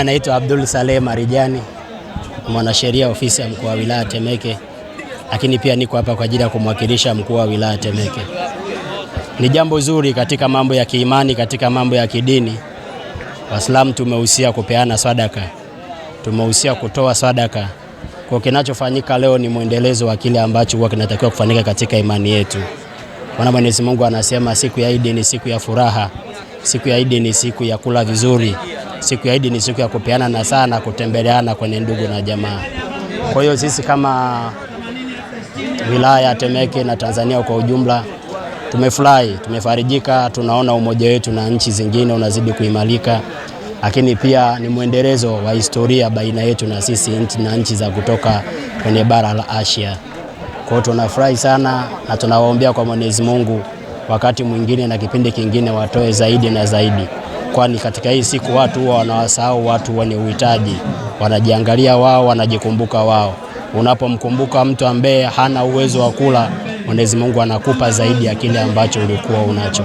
Anaitwa Abdul Saleh Marijani, mwanasheria ofisi ya mkuu wa wilaya Temeke, lakini pia niko hapa kwa ajili ya kumwakilisha mkuu wa wilaya Temeke. Ni jambo zuri katika mambo ya kiimani, katika mambo ya kidini. Waislamu tumehusia kupeana sadaka, tumehusia kutoa sadaka. Kwa kinachofanyika leo ni mwendelezo wa kile ambacho huwa kinatakiwa kufanyika katika imani yetu. Maana Mwenyezi Mungu anasema siku ya Idi ni siku ya furaha, siku ya Idi ni siku ya kula vizuri siku ya Idi ni siku ya kupeana na sana kutembeleana kwenye ndugu na jamaa. Kwa hiyo sisi kama wilaya ya Temeke na Tanzania kwa ujumla tumefurahi, tumefarijika, tunaona umoja wetu na nchi zingine unazidi kuimarika, lakini pia ni mwendelezo wa historia baina yetu na sisi nchi na nchi za kutoka kwenye bara la Asia. Kwa hiyo tunafurahi sana na tunawaombea kwa Mwenyezi Mungu wakati mwingine na kipindi kingine watoe zaidi na zaidi kwani katika hii siku watu huwa wanawasahau watu wenye uhitaji, wanajiangalia wao, wanajikumbuka wao. Unapomkumbuka mtu ambaye hana uwezo wa kula, Mwenyezi Mungu anakupa zaidi ya kile ambacho ulikuwa unacho.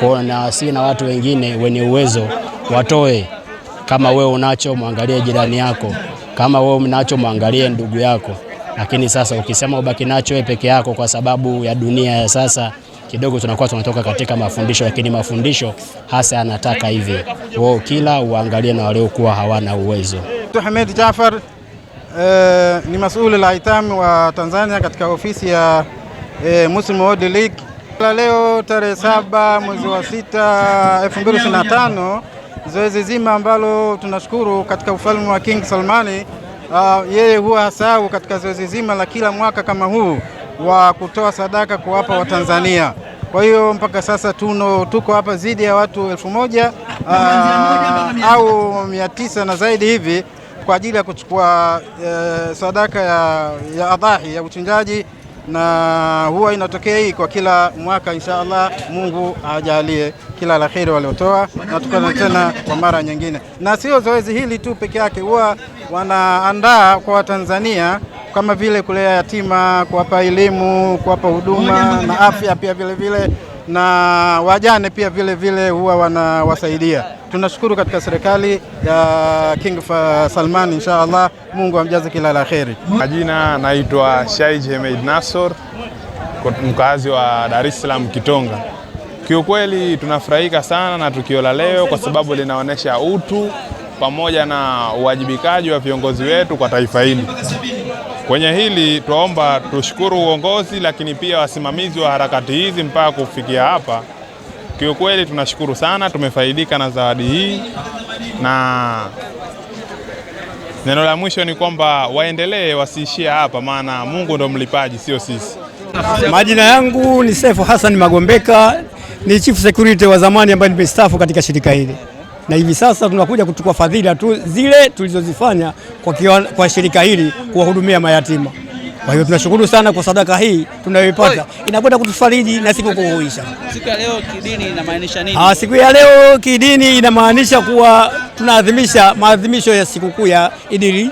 Kwa hiyo nawasii na watu wengine wenye uwezo watoe. Kama wewe unacho, mwangalie jirani yako. Kama wewe unacho, mwangalie ndugu yako. Lakini sasa ukisema ubaki nacho wewe peke yako, kwa sababu ya dunia ya sasa kidogo tunakuwa tunatoka katika mafundisho, lakini mafundisho hasa anataka hivi wao kila uangalie na waliokuwa hawana uwezo. Ahmed Jafar eh, ni masuuli la itam wa Tanzania katika ofisi ya eh, Muslim World League. La leo tarehe saba mwezi wa sita 2025 zoezi zima ambalo tunashukuru katika ufalme wa King Salmani, uh, yeye huwa hasahau katika zoezi zima la kila mwaka kama huu wa kutoa sadaka kuwapa Watanzania. Kwa hiyo mpaka sasa tuno tuko hapa zaidi ya watu elfu moja ah, au mia tisa na zaidi hivi kwa ajili ya kuchukua e, sadaka ya, ya adhahi ya uchinjaji na huwa inatokea hii kwa kila mwaka insha Allah, Mungu ajalie kila la kheri waliotoa, na tukana tena kwa mara nyingine. Na sio zoezi hili tu peke yake, huwa wanaandaa kwa Watanzania kama vile kulea yatima, kuwapa elimu, kuwapa huduma na afya pia vile vile na wajane pia vile vile huwa wanawasaidia. Tunashukuru katika serikali ya King Salman, insha Allah Mungu amjaze kila la kheri. Majina naitwa Shaij Hemed Nasor, mkazi wa Dar es Salaam Kitonga. Kiukweli tunafurahika sana na tukio la leo kwa sababu linaonyesha utu pamoja na uwajibikaji wa viongozi wetu kwa taifa hili. Kwenye hili twaomba tushukuru uongozi, lakini pia wasimamizi wa harakati hizi mpaka kufikia hapa. Kiukweli tunashukuru sana, tumefaidika na zawadi hii, na neno la mwisho ni kwamba waendelee, wasiishie hapa, maana Mungu ndo mlipaji, sio sisi. Majina yangu ni Sefu Hassan Magombeka, ni chief security wa zamani ambaye nimestaafu katika shirika hili na hivi sasa tunakuja kuchukua fadhila tu zile tulizozifanya kwa, kiwa, kwa shirika hili kuwahudumia mayatima. Kwa hiyo tunashukuru sana kwa sadaka hii tunayoipata, inakwenda kutufariji na siku kuhuisha. Siku ya leo kidini inamaanisha nini? Ah, siku ya leo kidini inamaanisha kuwa tunaadhimisha maadhimisho ya sikukuu ya idili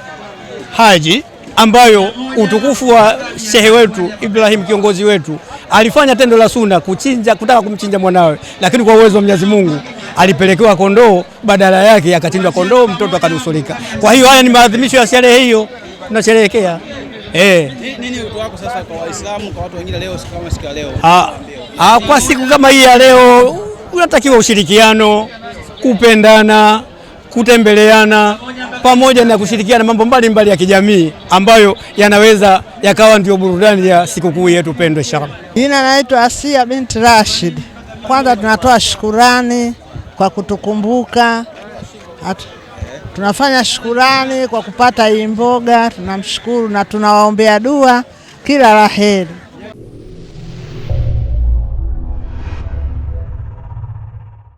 Haji ambayo utukufu wa shehe wetu Ibrahim kiongozi wetu alifanya tendo la suna kuchinja, kutaka kumchinja mwanawe, lakini kwa uwezo wa Mwenyezi Mungu alipelekewa kondoo, badala yake akachinjwa kondoo, mtoto akanusurika. Kwa hiyo haya ni maadhimisho ya sherehe hiyo tunasherehekea. Eh, nini wito wako sasa kwa Waislamu, kwa watu wengine leo kama siku ya leo? Ah, ah, kwa siku kama hii ya leo unatakiwa ushirikiano, kupendana, kutembeleana pamoja na kushirikiana mambo mbalimbali mbali ya kijamii ambayo yanaweza yakawa ndio burudani ya sikukuu yetu pendwa. Inshallah, jina naitwa Asia binti Rashid. Kwanza tunatoa shukurani kwa kutukumbuka Atu, tunafanya shukurani kwa kupata hii mboga, tunamshukuru na tunawaombea dua kila laheri.